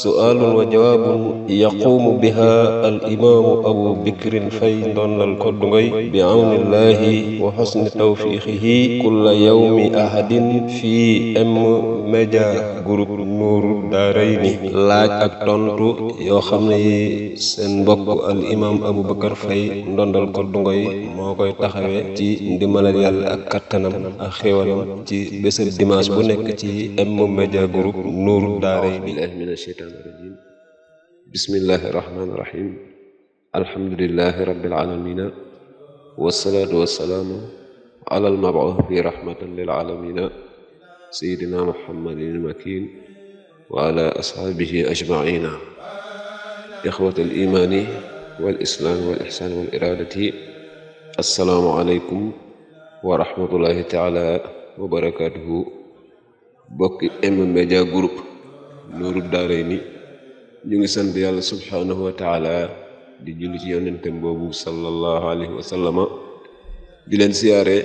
suaalun wa jawaabun yaquumu biha al imaamu abu bikrin fay ndondal koddungoy bi awnillahi wa xosni tawfiixihi kulla yawmi ahadin fii M Media Group Nour Daarayni laaj ak tontu yoo xam ne seen mbokk al imaam abu bakar fay ndondal koddungoy moo koy taxawee ci ndimbalal yàlla ak kattanam ak xéwalam ci bésëb dimanche bu nekk ci M Media Group Nour Daarayni الشيطان الرجيم بسم الله الرحمن الرحيم الحمد لله رب العالمين والصلاة والسلام على المبعوث رحمة للعالمين سيدنا محمد المكين وعلى أصحابه أجمعين إخوة الإيمان والإسلام والإحسان والإرادة السلام عليكم ورحمة الله تعالى wa barakaatuhu bokki M Media Group nooru daaray ni ñu ngi sant yàlla subhaanahu wa taala di julli ci yonentam boobu sallallahu alayhi wa sallama di leen siyaare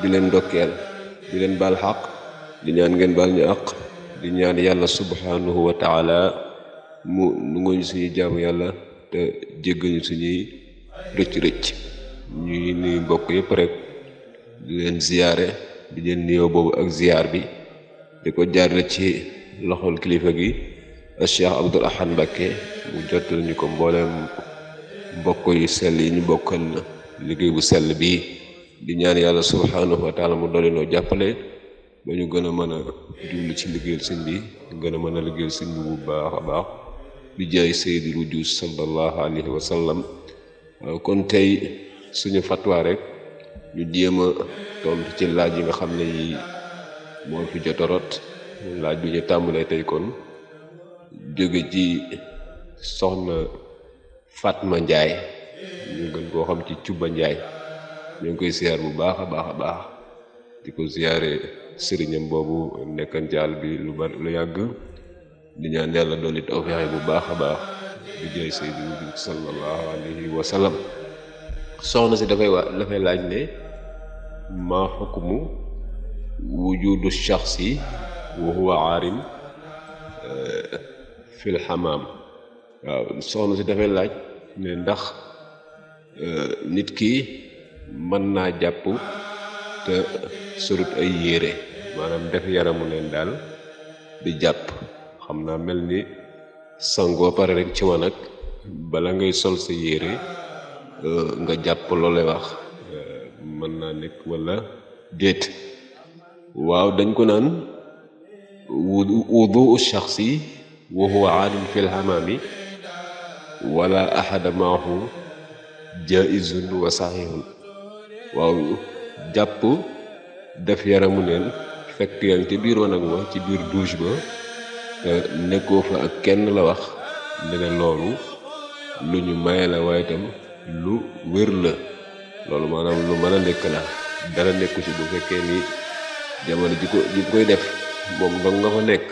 di leen ndokkeel di leen baal xaq di ñaan ngeen baal ñu àq di ñaan yàlla subhaanahu wa taala mu nu ñu suñuy jaamu yàlla te jéggañu suñuy rëcc-rëcc ñu nuyu mbokk yëpp rekk di leen ziyaare di leen nuyoo boobu ak ziyaar bi di ko jaarale ci loxol kilifa gi Cheikh Abdoul Ahad Mbacké mu jotal ñu ko mboolem mbokk yu sell yi ñu bokkal liggéey bu sell bii di ñaan yàlla subhanahu wa taala mu doole noo jàppale ba ñu gën a mën a jublu ci liggéeyal sëñ bi gën a mën a liggéeyal sëñ bu baax a baax bi jaay saydi rujus sallallahu alayhi wa sallam kon tey suñu fatwa rek ñu jéem a tontu ci laaj yi nga xam ne yi moo fi jotorot laaj bi ñu tàmbalee tey kon jóge ci soxna Fatma Ndiaye ñu gën koo xam ci Cuba Ndiaye ñu ngi koy siyaar bu baax a baax a baax di ko siyaare sëriñam boobu nekkan ci bi lu bari lu yàgg di ñaan yàlla dolli tawfeex bu baax a baax di jaay Seydou bi sallallahu alayhi wa soxna si dafay waa dafay laaj ne maa xukmu wujudu shaxsi wa huwa aarim eh, fil xamaam waaw soxna si dafay laaj ne ndax eh, nit ki mën naa jàpp te surut ay yére maanaam def yaramu neen daal di jàpp xam naa mel ni sangoo pare rek ci wan bala ngay sol sa yére eh, nga jàpp loole wax mën naa nekk walla déet waaw dañ ko naan wuduu shaxsi wa huwa aalim fi wala ahada maahu jaizun wa waaw jàpp def yaramu neen fekk yaa ci biir wanag wa ci biir douche ba nekkoo fa ak kenn la wax ne loolu lu ñu maye la waaye itam lu wér la loolu maanaam lu mën a nekk la dara nekku ci bu fekkee ni jamono ji ko koy def moom dong nga fa nekk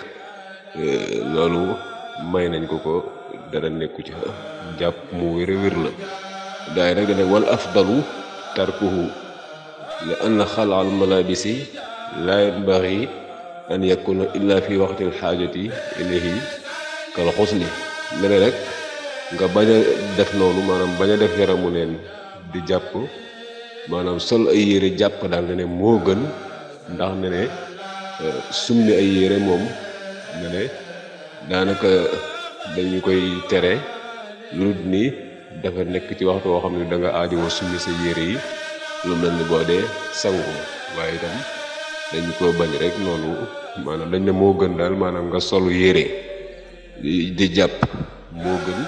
euh, loolu may nañ ko ko dara nekku ci jàpp mu wéra wér la daay rek dana wal afdalu tarkuhu li anna xalaal malabisi laa yanbaxi an yakuna illa fi waxtil xaajati ilayhi kal xusli mene nga bañ a def noonu maanaam bañ a def yaramu neen di jàpp maanaam sol ay yére jàpp daal ne ne moo gën ndax ne ne summi ay yére moom ne daanaka dañu koy tere lu dul ni dafa nekk ci waxtu woo xam danga da nga aajowoo summi sa yére yi lu mel ni boo dee sangu waaye itam dañu ko bañ rek noonu maanaam dañ ne moo gën daal maanaam nga solu yére di jàpp moo gën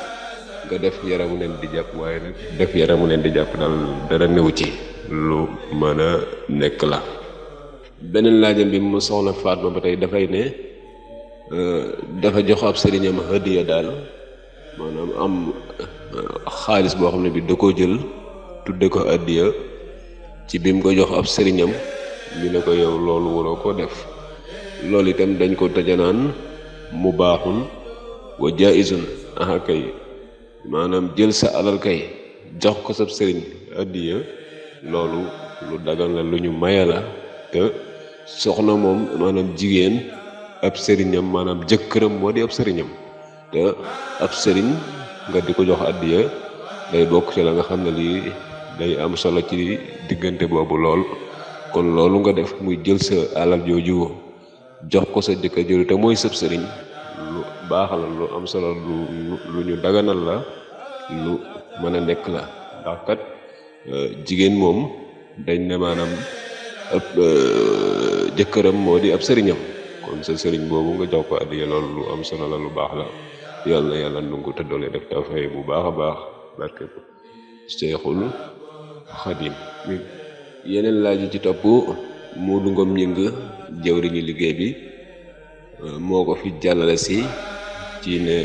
nga def yaramu neen di jàpp waaye nag def yaramu neen di jàpp daal dara néew ci lu mën a nekk la beneen laajam bi mu soxna Fatma ba tey dafay ne euh, dafa jox ab sëriñam hadiya daal maanaam am euh, xaalis boo xam ne bi da ko jël tudde ko hadiya ci bi mu ko jox ab sëriñam ñu ne ko yow loolu waroo ko def loolu itam dañ ko tëjanaan mu baaxun wa jaizun aha kay maanaam jël sa alal kay jox ko sab sëriñ hadiya loolu lu dagan la lu ñu maya la que soxna moom maanaam jigéen ab sëriñam maanaam jëkkëram moo di ab sëriñam te ab sëriñ nga di ko jox addiya day bokk ci la nga xam ne lii day am solo ci diggante boobu lool kon loolu nga def muy jël sa alal jooju jox ko sa jëkkër jooju te mooy sëb sëriñ lu baax la lu am solo lu ñu daganal la lu mën a nekk la ndax kat euh, jigéen moom dañ ne maanam ab euh, jëkkëram moo di ab sëriñam kon sa sëriñ boobu nga jox ko addiya loolu lu am solo la lu baax la yàlla yàlla nangu te doole def bu baax a baax barke ko Seexul Xadim yeneen laaj yi ci topp Modou Ngom ñing jëwriñu liggéey bi euh, moo ko fi jàllale si ci ne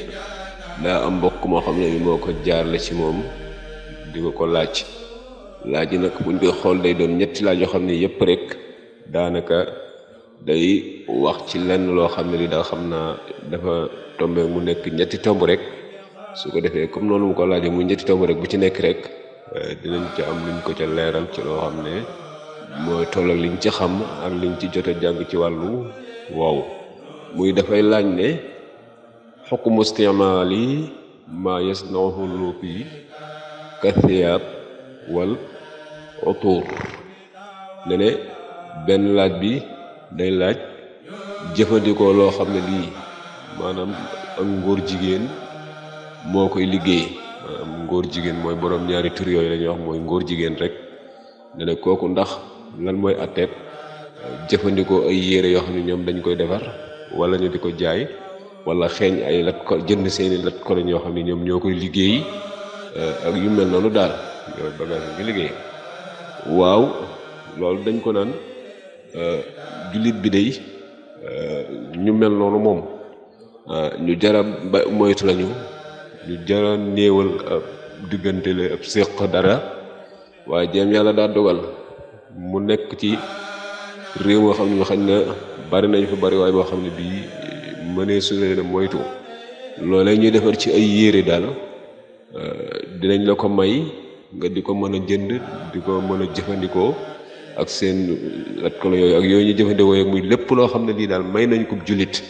daa am mbokk moo xam ne bi moo ko jaarale ci moom di ko ko laaj laaj yi nag buñ koy xool day doon ñetti laaj yoo xam ni yëpp rek daanaka day wax ci lenn loo xam ne li daa xam naa dafa tombe mu nekk ñetti tomb rek su ko defee comme noonu mu ko laajee mu ñetti tomb rek bu ci nekk rek eh, dinañ ci am luñ ko ca leeral ci loo xam ne mooy toll ak liñ ci xam ak liñ ci jot a jàng ci wàllu woowu muy dafay laaj ne xukmu istimaali ma yasnahu luupi kathiyaab wal autour ne benn laaj bi day laaj jëfandikoo loo xam ne lii maanaam ak ngóor jigéen moo koy liggéey maanaam ngóor jigéen mooy borom ñaari tur yooyu la wax mooy ngóor jigéen rek ne kooku ndax lan mooy atteeb jëfandikoo ay yére yoo xam ne ñoom dañ koy defar wala ñu di ko jaay wala xeeñ ay lat ko jënd seeni lat koloñ yoo xam ne ñoom ñoo koy liggéey eh, ak yu mel noonu daal yooyu bagage bi liggéey waaw loolu dañ ko naan euh, jullit bi day euh, ñu mel noonu moom euh, ñu jara ba moytu lañu ñu jara néewal ab diggante la ab séq dara waaye jéem yàlla daa dogal mu nekk ci réew moo xam ne xañ na bari nañ fa bari boo xam ne bii mënee su leen moytu loolee ñuy defar ci ay yére daal dinañ la ko may nga di ko mën a jënd di ko mën a jëfandikoo ak seen atkalo yooyu ak yooyu ñu jëfandikoo yooyu muy lépp loo xam ne lii daal may nañ ko jullit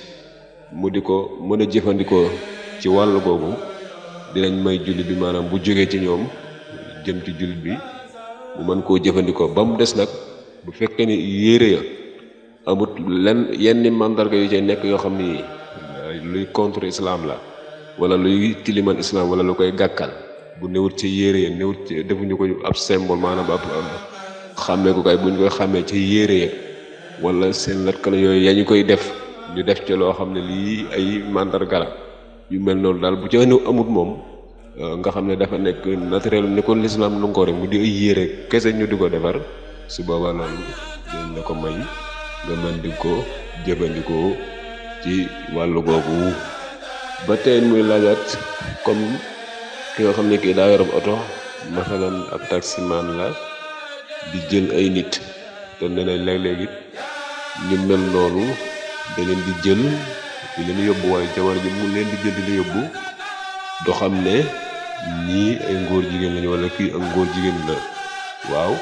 mu di ko mën a jëfandikoo ci wàll googu dinañ may jullit bi maanaam bu jógee ci ñoom jëm ci jullit bi mu mën koo jëfandikoo ba mu des nag bu fekkee ni yére ya amut lenn yenn mandarga yu cay nekk yoo xam ni luy contre islam la wala luy tiliman islam wala lu koy gàkkal bu newut ci yére ya newut ci defuñu ko ab symbole maanaam ab xàmmee ko kay buñ koy xàmmee ci yére ya wala seen latkala yooyu ñu koy def ñu def ci loo xam ne lii ay mandargala yu mel noonu daal bu ci ëndiw amut moom euh, nga xam ne dafa nekk naturel ni ko lislaam nu ko rek mu di ay yére kese ñu di ko defar su boobaa loolu dañ ko may nga mën di ko jëfandikoo ci wàll googu ba tey muy laajaat comme ki nga xam ne kii daa yorob oto masalan ab taximan la di jël ay nit te nee na léeg-léeg it ñu mel noonu da di jël di leen yóbbu waaye mu leen di jël di la yóbbu doo xam ne ñii ay ngóor jigéen lañu wala kii ak ngóor jigéen la waaw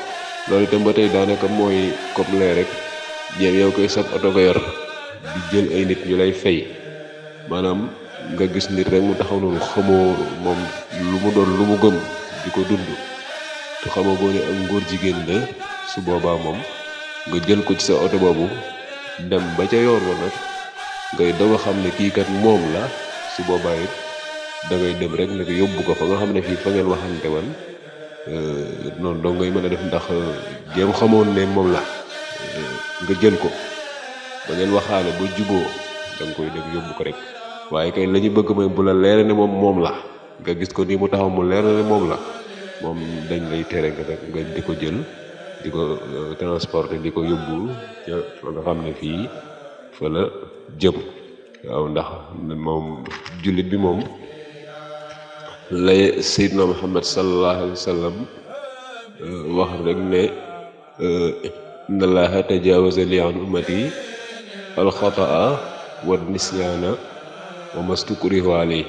loolu itam ba tey daanaka mooy coppile rek jéem yow koy sab oto ko yor di jël ay nit ñu lay fay maanaam nga gis nit rek mu taxaw noonu xamoo moom lu mu doon lu mu gëm di ko dund te xamoo boo ne am jigéen la su boobaa moom nga jël ko ci sa oto boobu dem ba ca yoon wa nag ngay doog xam ne kii kat moom la su boobaa it da ngay dem rek nag yóbbu ko fa nga xam ne fii fa ngeen waxante wan euh, noonu doo ngay mën a def ndax euh, jëm xamoon ne moom la euh, nga jël ko ba ngeen waxaale ba juboo da nga koy dem yóbbu ko rek. waaye kay lañuy bëgg mooy bu la leer ne moom moom la nga gis ko nii mu taxaw mu leer ne moom la moom dañ lay tere nga di ko jël di ko euh, transporter di ko yóbbu ca fa nga xam ne fii fa la jëm waaw ndax moom jullit bi moom lay Seydina Muhammad sallallahu alayhi euh, wax rek ne euh, inna allaha an ummati alxataa wa nisyaana wa mastukrihu alayhi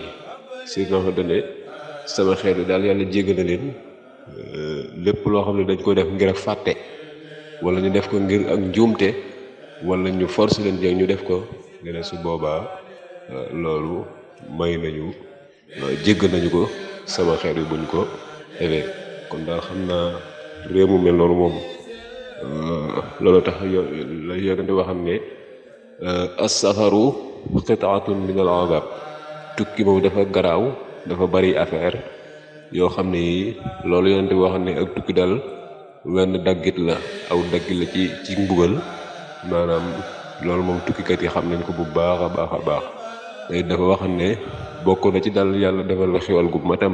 si nga xamante ne sama xeet bi daal yàlla jéggal na leen euh, lépp loo xam ne dañ koy def ngir ak fàtte wala ñu def ko ngir ak njuumte wala ñu force leen jeeg ñu def ko ne boobaa euh, loolu may nañu euh, jéggal nañu ko sama xeet bi buñ ko kon daal xam naa réew mu mel noonu moom loolu tax yo la yogante waxam ne as-safaru qitaatun min al azab tukki moom dafa garaaw dafa bari affaire yoo xam ne yi loolu yoon di wax ne ak tukki dal wenn daggit la aw daggit la ci ci mbugal maanaam loolu moom tukkikat yi xam nañ ko bu baax a baax a baax a tey dafa wax ne bokk na ci dal yàlla defal la xewal gu mat a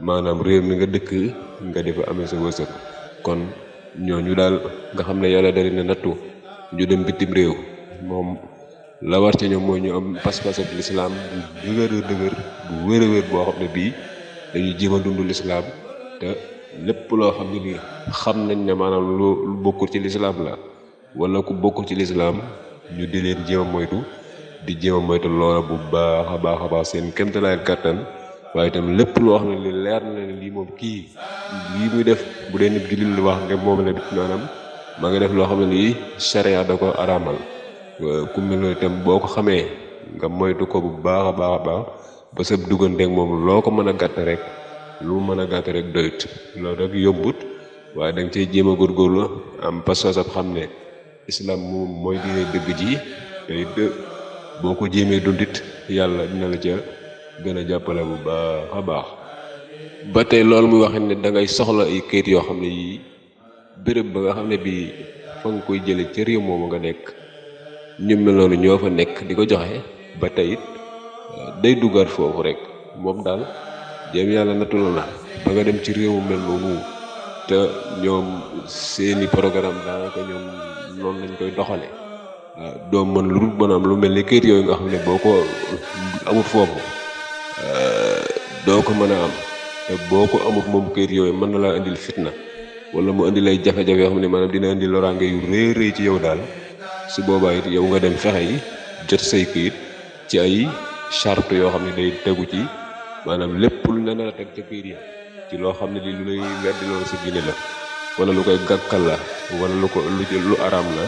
maanaam réew mi nga dëkk nga defa amee sa wërsëg kon ñooñu daal nga xam ne yàlla dari na nattu ñu dem bitim réew moom la war ci ñoom mooy ñu am pas-pas ak lislaam bu dëgër dëgër bu wér a wér boo xam ne bii dañuy jéem a dund lislaam te lépp loo xam ne bii xam nañ ne maanaam lu bokkul ci lislaam la wala ku bokkul ci lislaam ñu di leen jéem moytu di jéem a moytu loola bu baax a baax a baax seen kéemtalaay kàttan waaye tam lépp loo xam ne li leer na ne lii moom kii lii muy def bu dee nit jullit lu wax nga moom la maanaam maa ngi def loo xam ne lii charia da ko araamal Euh, ku mel noonu boo ko xamee nga moytu ko bu baax a baax a baax ba sa dugganteeg moom loo ko mën a gàtt rek lu mën a gàtt rek doyut loolu rek da nga cay jéem a góorgóorlu am pas xam ne islam moom mooy diine dëgg ji boo ko jéemee dundit yàlla dina la ca gën a jàppale bu baax a baax ba tey loolu muy wax ne da soxla ay kayit yoo xam ne yii béréb ba nga xam ne bii fa nga koy jële ca réew moomu nga nekk ñu mel ñoo fa nekk di ko joxe ba tey euh, day duggaat foofu rek moom daal jéem yàlla natuloo na ba nga dem ci réewu mel noonu te ñoom seeni programme daanaka ñoom noonu lañ koy doxale euh, doo mën lu dul mën lu mel ni kër yooyu nga xam ne boo ko amut foofu euh, doo ko mën a am boo ko amut moom kër yooyu mën na laa indil fitna wala mu indi lay jafe-jafe yoo xam ne maanaam dina indi loraange yu rëy rëy ci yow daal su boobaa it yow nga dem fexe yi jot say këyit ci ay charte yoo xam ne day tegu ci maanaam lépp lu ne la teg ca këyit ya ci loo xam ne li lu lay weddiloo sa diine la wala lu koy gàkkal la lu ko lu lu araam la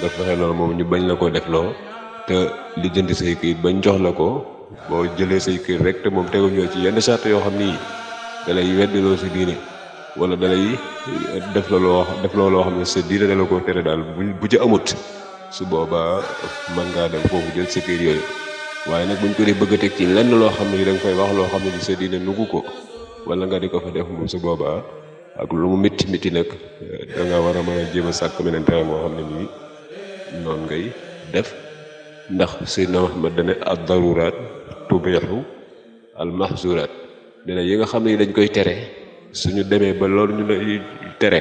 nga fexe loolu moom ñu bañ la ko def loo te li jënd bañ jox la ko boo jëlee say këyit rek te moom tegu ñoo ci yenn charte yoo xam ni da lay weddiloo sa diine wala da lay def la loo def loo loo xam ne sa diine da la ko tere daal bu bu ci amut su boobaa mën ngaa dem foofu jël sa kër yooyu waaye nag buñ ko def bëgg a teg ci lenn loo xam ne da nga koy wax loo xam ne sa diine nugu ko wala nga di ko fa def moom su boobaa ak lu mu métti métti nag da war a mën jéem a sàkk beneen terrain moo xam ne nii noonu ngay def ndax Seydina Muhammad dane ad daruraat tubiixu al mahzuraat dina yi nga xam ne dañ koy tere su ñu demee ba loolu ñu lay tere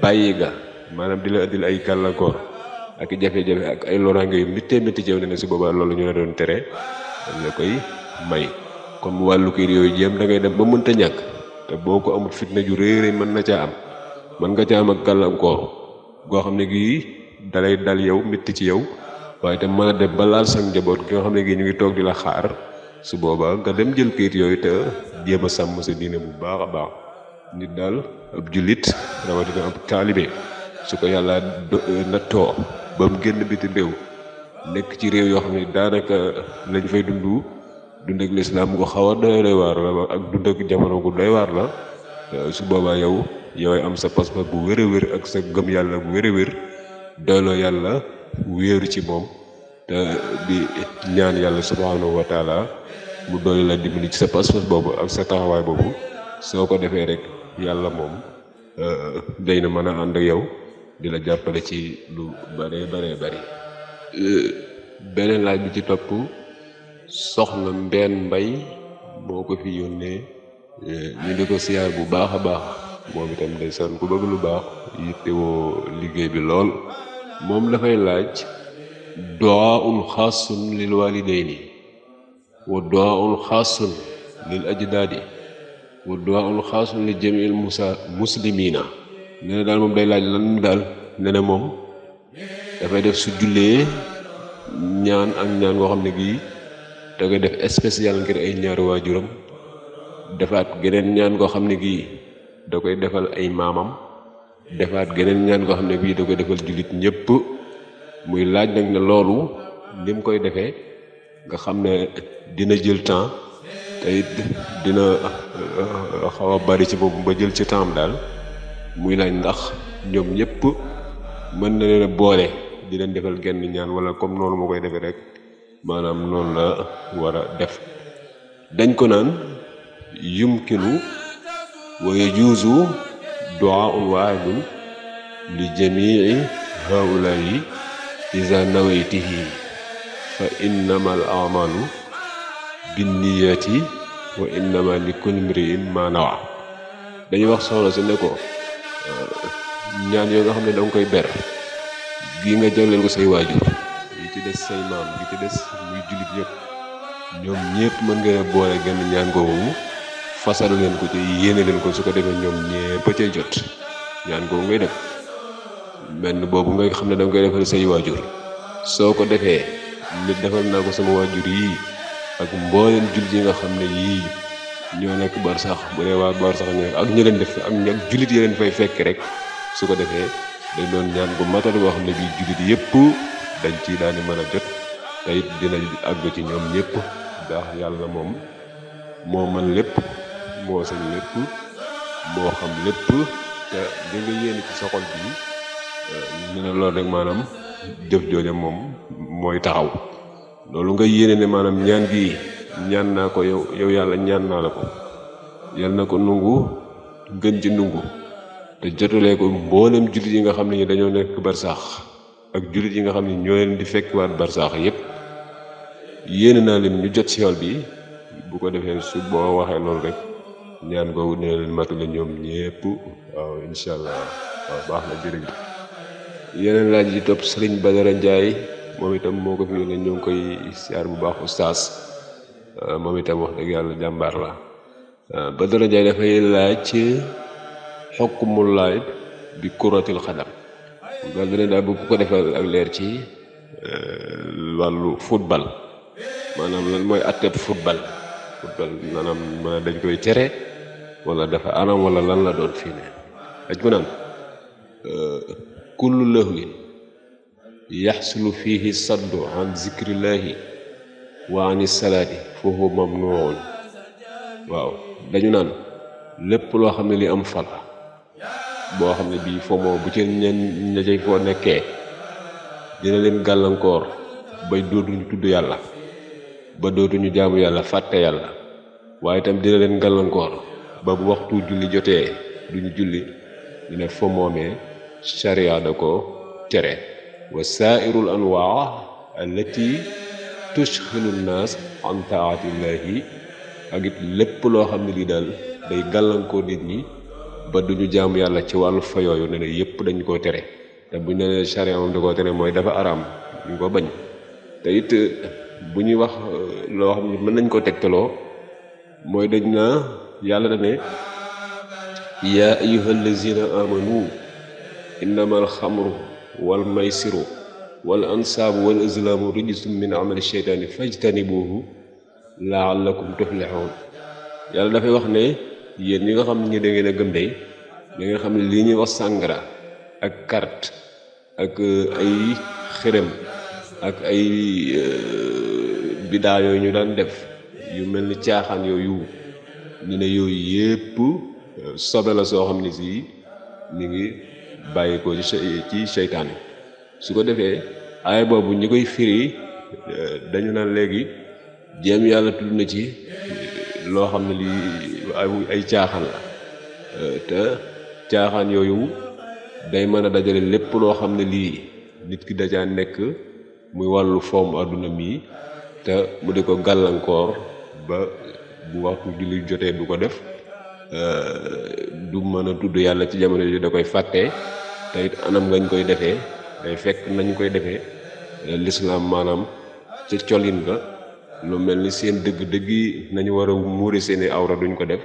bàyyi ga maanaam di la indil ay gàllankoor ak jafe ak ay loraange yu méttee métti ci yow ne ne su booba loolu ñu la doon tere dañ koy may comme wàllu kër yooyu jéem da ngay dem ba ta ñàkk te boo ko amul fitna ju rëy rëy mën na caa am mën nga caa am ak gàllankoor goo xam ne gi dalay dal yow métti ci yow waaye te mën a dem ba laal sa njaboot gi nga xam ne gii ñu ngi toog di la xaar su boobaa nga dem jël kayit yooyu te jéem a sàmm sa diine bu baax a baax nit daal ab jullit rawatina ab taalibe su ko yàlla nattoo ba mu génn bitim réew nekk ci réew yoo xam ne daanaka lañ fay dund du ak lislaam gu xaw a doy waar la ak dund jamono gu doy la su boobaa yow yooy am sa passeport bu wér a wér ak sa gëm yàlla bu wér a wér doyloo yàlla wéeru ci moom te di ñaan yàlla subhaanahu wa taala mu doole la dimbali ci sa passeport boobu ak sa taxawaay boobu soo ko defee rek yàlla moom euh, day na mën a ànd ak yow di jàppale ci lu bëree bëree bëri beneen laaj bi ci topp soxna mbenn mbay moo ko fi yónnee ñu di ko siyaar bu baax a baax moom itam ndeysaan ku bëgg lu baax yittewoo liggéey bi lool moom dafay laaj doa un xaasun lil walidayni wa doa un xaasun lil ajdaadi wa doa un xaasun li jamil musa muslimina nee daal moom day laaj lan daal nee moom dafay def su jullee ñaan ak ñaan goo xam ne gii da koy def spécial ngir ay ñaari waajuram defaat geneen ñaan goo xam ne gii da koy defal ay maamam defaat geneen ñaan goo xam ne bii da koy defal jullit ñëpp muy laaj nag ne loolu ni koy defee nga xam ne dina jël temps te dina xaw a bari ci boobu ba jël ci temps daal. muy laaj ndax ñoom ñëpp mën na leen a boole di leen defal genn ñaan wala comme noonu ma koy defee rek maanaam noonu la war def dañ ko naan yumkinu wa yajuuzu du'aa'un waahidun li jamii haa'ulaa'i izaa nawaytihi fa innama al a'maalu binniyaati wa innama li kulli imri'in maa dañuy wax soxna si ne ko ñaan yoo nga xam ne da koy ber gi nga jagleel ko say waajur yi ci des say maam yi ci des muy jullit ñëpp ñoom ñëpp mën nga boole genn ñaan googu fasal leen ko ci yéene leen ko su ko defee ñoom ñëpp cay jot ñaan googu ngay def benn boobu ngay xam ne da nga koy defal say waajur soo ko defee nit defal naa ko sama waajur yii ak mbooleen jullit yi nga xam ne yii ñoo nekk barsax bu dee waa barsax nekk ak ñu leen def ak ña jullit yi leen fay fekk rek su ko defee dañ doon ñaan bu matal boo xam ne bii jullit yëpp dañ ci daal di mën a jot te it dina àgg ci ñoom ñëpp ndax yàlla moom moo man lépp moo sañ lépp moo xam lépp te li nga yéene ci sa bi ñu ne loolu rek maanaam jëf jooja moom mooy taxaw loolu nga yéene ne maanaam ñaan gi ñaan naa ko yow yow yàlla ñaan naa la ko yàlla na ko nungu gën ci nungu te jotalee ko mboolem jullit yi nga xam ne ñi dañoo nekk barsaax ak jullit yi nga xam ne ñoo di fekk waat barsaax yépp yéene naa leen ñu jot siol bi bu ko defee boo waxee loolu ñaan googu dina leen matale ñoom ñépp waaw incha allah waaw baax na jërëjëf yeneen laaj yi topp Sëriñ Badara Njaay moom itam moo ko fi yónnee ñoo koy siyaar bu baax saas Euh, moom itam wax dëgg yàlla jàmbaar la ba euh, Badara Njaay dafay laaj xokkumul laay bi kuratil xadam daal dina daal bu ko defal ak leer ci euh, wàllu football maanaam lan mooy atteb football football maanaam ma dañ koy tere wala dafa anam wala lan la doon fii ne aj mu naan kullu lahwin yaxsulu fihi saddu an zikrillahi wa ani salaati foofu moom nga woon waaw dañu naan lépp loo xam ne li am fala boo xam ne bii fomoo bu ci ñeen ña cay foo nekkee dina leen gàllankoor bay dootuñu tudd yàlla ba dootuñu jaamu yàlla fàtte yàlla waaye itam dina leen gàllankoor ba waxtu julli jotee duñu julli ñu ne fomoo ko tere tushxilu naas an taatillahi ak it lépp loo xam ne lii daal day gàllankoo nit ñi ba duñu jaamu yàlla ci wàll fa yooyu ne ne yépp dañ koo tere te bu ñu nee charia moom koo tere mooy dafa araam ñu ñuy wax euh, loo ne mën nañ koo tegtaloo mooy dañ naa yàlla na ne yaa ayyuhal lazina amanu innamal xamru wal maysiru wal ansaabu wal azlaamu rijsum min amali sheytaani fajtanibuuhu laallakum tuflixuun yàlla dafay wax ne yéen ñi nga xam ne da ngeen a gëm day nga xam ne lii ñuy wax sàngara ak kart ak euh, ay xërëm ak ay euh, bidaa yooyu ñu daan def yu mel ni caaxaan yooyu ñu ne yooyu yépp euh, sobe la soo xam ne si ñu ngi bàyyi ko ci ci su ko defee ay boobu ñi koy firi euh, dañu naan léegi jéem yàlla tudd na ci euh, loo xam ne lii ay caaxaan la euh, te caaxaan yooyu day mën a dajale lépp loo xam ne lii nit ki dajaa nekk muy wàllu foom àdduna mii te mu di ko gàllankoor ba bu waxtu julli jotee du ko def du mën a tudd yàlla ci jamono ji da koy fàtte te it anam ngañ koy defee day fekk nañ koy defee euh, lislaam maanaam ca colin ga lu mel ni seen dëgg-dëgg yi nañu war a muure seeni awra duñ ko def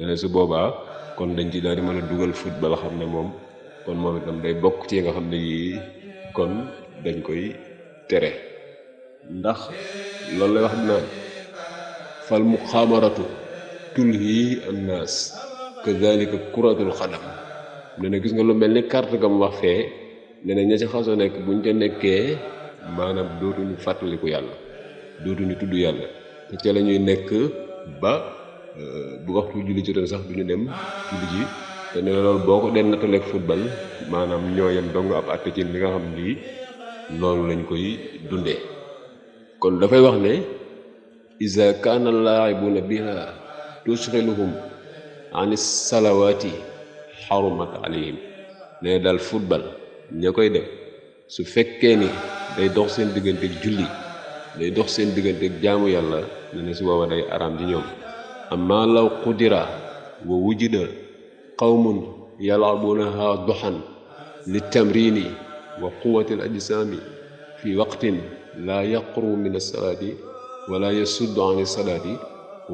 euh, su boobaa kon dañ ci daal di mën a dugal foot ba nga xam ne moom kon moom itam day bokk ci nga xam ne yii kon dañ koy tere ndax loolu lay wax naan fal muxaamaratu tulhi an naas kadalika kuratul xadam ne na gis nga lu mel ni carte gam wax fee nee na ña ca faso nekk ñu ca nekkee maanaam dootuñu fàttaliku yàlla dootuñu tudd yàlla te ca la nekk ba euh, bu waxtu julli jotoon sax duñu dem julli ji te nee na boo ko den nattaleeg football maanaam ñoo yem dong ab àtte ci li nga xam ni noonu lañ koy dundee kon dafay wax ne iza kaana laaibuna biha tusxiluhum anis salawaati xarumat alayhim nee daal football ña koy def su fekkee ni day dox seen digganteeg julli day dox seen digganteeg jaamu yàlla ne ne su booba day araam ji ñoom amma law qudira wa wujida qawmun yalaabunaha doxan li tamrini wa quwati al ajsaami fi waqtin laa yaqru min alsalaati wala yasuddu an alsalaati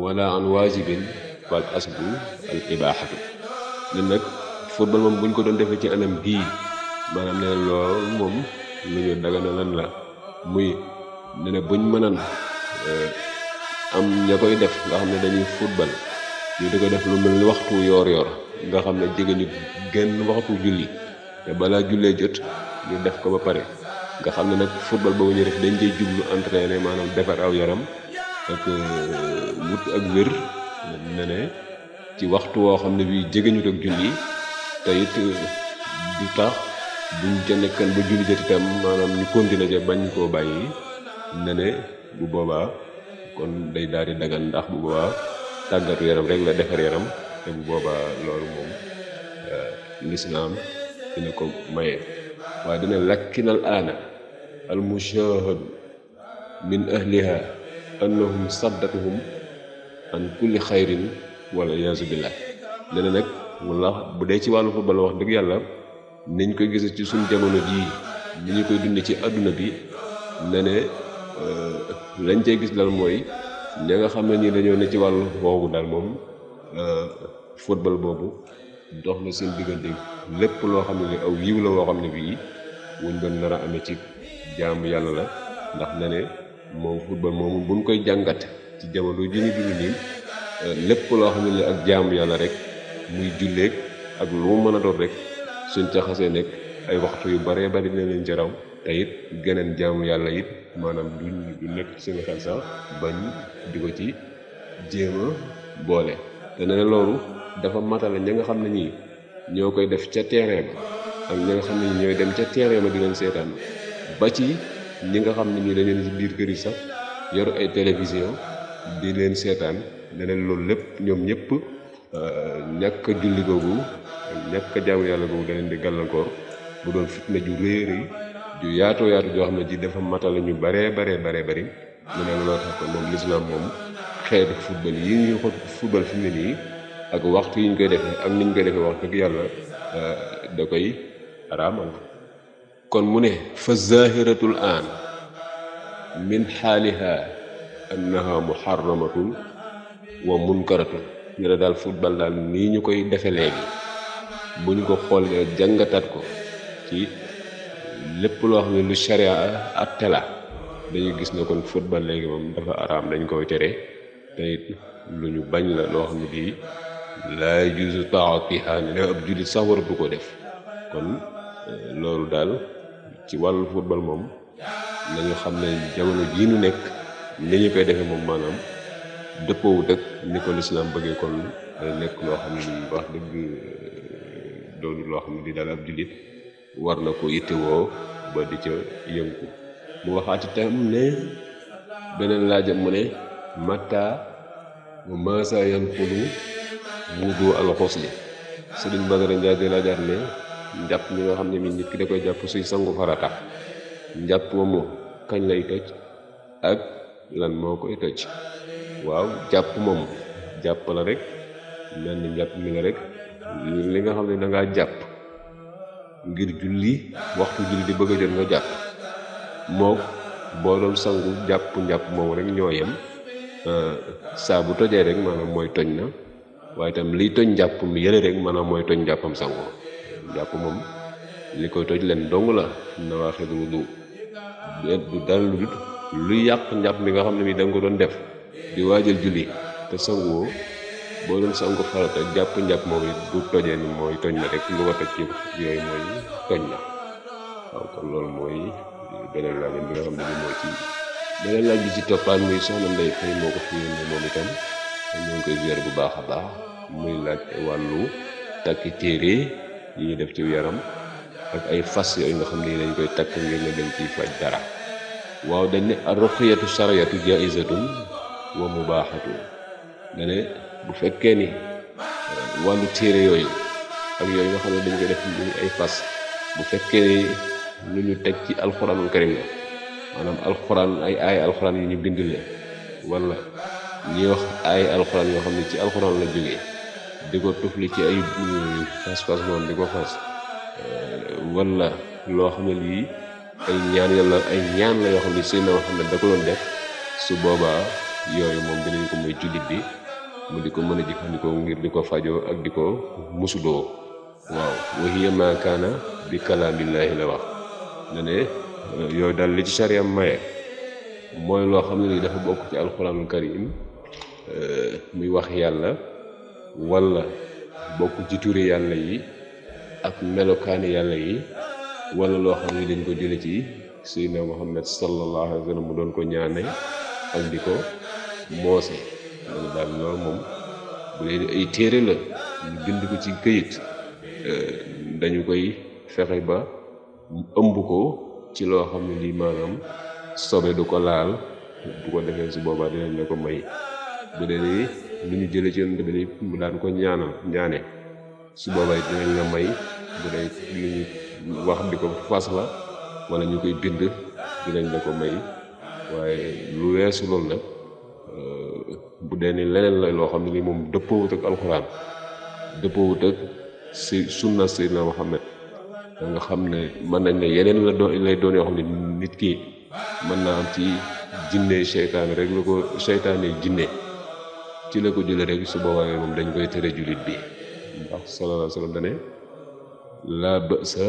wala an asbu al ibaaxatu ñun nag football moom buñ ko doon defee ci anam gii maanaam nee na loolu moom lu ñu dagana lan la muy ne na buñ mënan eh, am ña koy def nga xam ne dañuy football ñu di ko def lu mel ni waxtu yoor yoor nga xam ne jege ñu genn waxtu julli te balaa jullee jot ñu def ko ba pare nga xam ne nag football boobu ñu def dañ cey jublu entraîné maanaam defar aw yaram ak eh, wut ak wér ne ci waxtu woo xam ne bii jege ñu ak julli te it eh, du tax buñ ca nekkan ba julli jot itam maanaam ñu continuer ca bañ koo bàyyi ne bu boobaa kon day daal di ndax bu boobaa tàggatu yaram rek la defar yaram te bu boobaa loolu moom euh, lislaam dina ko maye waaye dina lakkinal aana al mushahadu min ahliha annahum saddatuhum an kulli xayrin wala iyaasu billah nee na nag bu dee ci wàllu football wax dëgg yàlla niñ koy gisee ci suñ jamono jii ni ñu koy dund ci àdduna bi ne euh, lañ cey gis daal mooy ña nga xam ne nii dañoo ne ci wàll woowu dal moom euh, football boobu dox na seen diggante lépp loo xam ne aw yiw woo xam ne bii wuñ doon nar a ci jaamu yàlla la ndax ne ne moom buñ koy jàngat jamono ji euh, lépp loo xam ne ak jaamu yàlla rek muy julleeg ak lu mu mën a doon rek suñ ca xasee nekk ay waxtu yu baree bari dina leen jaraw te it geneen jaamu yàlla it maanaam du nekk ci seen xel sax bañ di ko ci jéem a boole te ne loolu dafa matale ña nga xam ne ñii ñoo koy def ca terrain ba ak nga xam ne ñooy dem ca terrain ma di leen seetaan ba ci ñi nga xam ne ñi dañu ne biir kër yi sax yor ay télévision di leen seetaan ne loolu lépp ñoom ñëpp euh, ñàkk julli googu ñàkk a jaamu yàlla googu da di gàllankoor bu doon fitna ju rëy rëy ju yaatoo yaatu joo xam ne ji dafa matala ñu baree baree baree bari mu ne looloo tax kon moom moom xeetu football yi ñu ko football fi mu ne ak waxtu yi ñu koy defee ak koy defee wax dëgg yàlla euh, da koy mu ne fa zahiratul aan min xaaliha annaha muharramatun daal football daal ñu koy defe léegi bu ñu ko xoolee jàngataat ko ci lépp loo xam ne lu sharia ak la dañuy gis ne kon football léegi moom dafa araam dañ koy tere te lu ñu bañ la loo xam ne bii laay juusu taatiha ne ab jullit sax waratu ko def kon eh, loolu daal ci wàllu football moom nañu xam ne jamono jii ñu nekk ni ñu koy defee moom maanaam dëppoowut ak ni ko lislaam bëggee kon eh, nekk loo xam ne wax dëgg eh, doonul loo xam ne di daal ab jullit war na ko yittewoo ba di ca yëngu mu waxaat itam ne beneen laajam mu ne matta wa masa yanqulu wudu alxusli sëriñ Badara Njaay di laajaat ne njàpp mi nga xam ne mi nit da koy jàpp suy sangu farata njàpp moomu kañ lay toj ak lan moo koy toj waaw jàpp moom jàpp la rek mel ni njàpp mi la rek li nga xam ne dangaa jàpp ngir julli waxtu julli di bëgg a jot nga jàpp mook boo doon sangu jàpp njàpp moom rek ñoo yem euh, saa bu tojee rek maanaam mooy toj na waaye itam liy toj njàpp mi yële rek maanaam mooy toj njàppam sangu njàpp moom li koy toj leen dong la na waa xedru du du dara lu yàq njàpp mi nga xam ne mi da ko doon def di waajal julli te sangoo boo doon sangu farata jàpp njàpp moom it du tojee ni mooy toñ na rek lu ko ci yooyu mooy toñ na waaw kon loolu mooy beneen laaj bi nga xam ne bi moo ci beneen laaj bi ci toppaat muy soxna Ndey Fay moo ko fi yónnee moom itam ñoo koy ziar bu baax a baax muy laaj wàllu takki téere yi ñu def ci yaram ak ay fas yooyu nga xam ne dañ koy takk ngir ne dañ ciy faj dara waaw dañ ne ar ruqyatu sariyatu jaizatun wa mubaaxatun bu fekkee ni euh, wàllu téere yooyu ak yooyu nga xam ne dañ koy def lu ay fas bu fekkee ni ñu teg ci alxuraanul karim la maanaam alxuraan ay aay alxuraan yu ñu bind la ñuy wax aay alxuraan yoo xam ne ci alxuraan la jógee di ko tufli ci ay fas fas noonu di ko fas euh, wala loo xam ne lii ay ñaan yàlla ay ñaan la yoo xam ne Seydina Muhammad da ko doon def su boobaa yooyu moom dinañ ko muy jullit bi mu di ko mën a jëfandikoo ngir di ko fajoo ak di ko musuloo waaw wa hiya ma bi kalaamillaahi la wax ne ne yooyu daal li ci sariyam maye mooy loo xam ne ni dafa bokk ci alxuraanul karim eh, wax yàlla wala bokk ci turi yàlla yi ak melokaani yàlla yi wala loo xam ne dañ ko jële ci sayyidina muhammad sallallahu alayhi mu doon ko ñaane ak di ko moose loolu daal loolu moom bu dee ay téere la ñu bind ko ci këyit euh, dañu koy fexe ba ëmb ko ci loo xam ne lii maanaam sobe du ko laal bu ko defee su boobaa dinañ la ko may bu dee jëlee ci mu daan ko ñaanal ñaane su boobaa it dinañ la may bu dee lu ñu wax di ko fas la wala ñu koy bind dinañ la ko may waaye lu weesu loolu nag euh, bu dee ni leneen la loo xam ne lii moom dëppoowut ak alxuraan dëppoowut ak sunna Seydina Muhammad da xam ne mën nañ ne yeneen la doon lay doon yoo xam ne nit ki mën naa am ci jinne seytaane rek lu ko seytaane jinne ci la ko jële rek su boobaa moom dañ koy tere jullit bi ndax sallallahu alayhi wa sallam dane laa ba'sa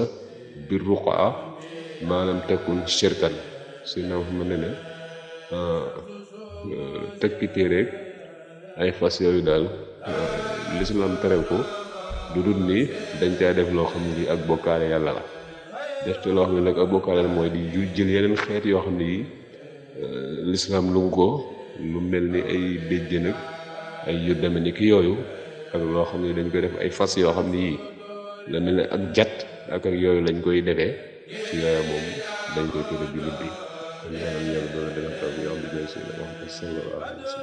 bi ruqaa maanaam tekkun shirkan Seydina Muhammad ne ne ah, tekki téereeg ay fas yooyu daal lislaam terew ko du dul ni dañ caa def loo xam ni ak bokkaale yàlla la loo xam ne nag ak bokkaale la mooy di jël yeneen xeet yoo xam ne yi euh, lislaam lu ko lu mel ni ay béjjën ak ay yu deme ni ki yooyu ak loo xam ne dañ koy def ay fas yoo xam ne yii la mel ne ak jat ak ak yooyu lañ koy defee ci yooya moom dañ koy tudde jullit bi kon yàlla yàlla doon defal taw bi yow am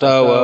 tawa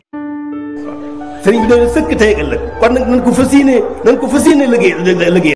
sëriñ bi de sëkk tey ak ëllëg kon nag nañ ko fas yéenee nañ ko fas yéenee liggéey liggéey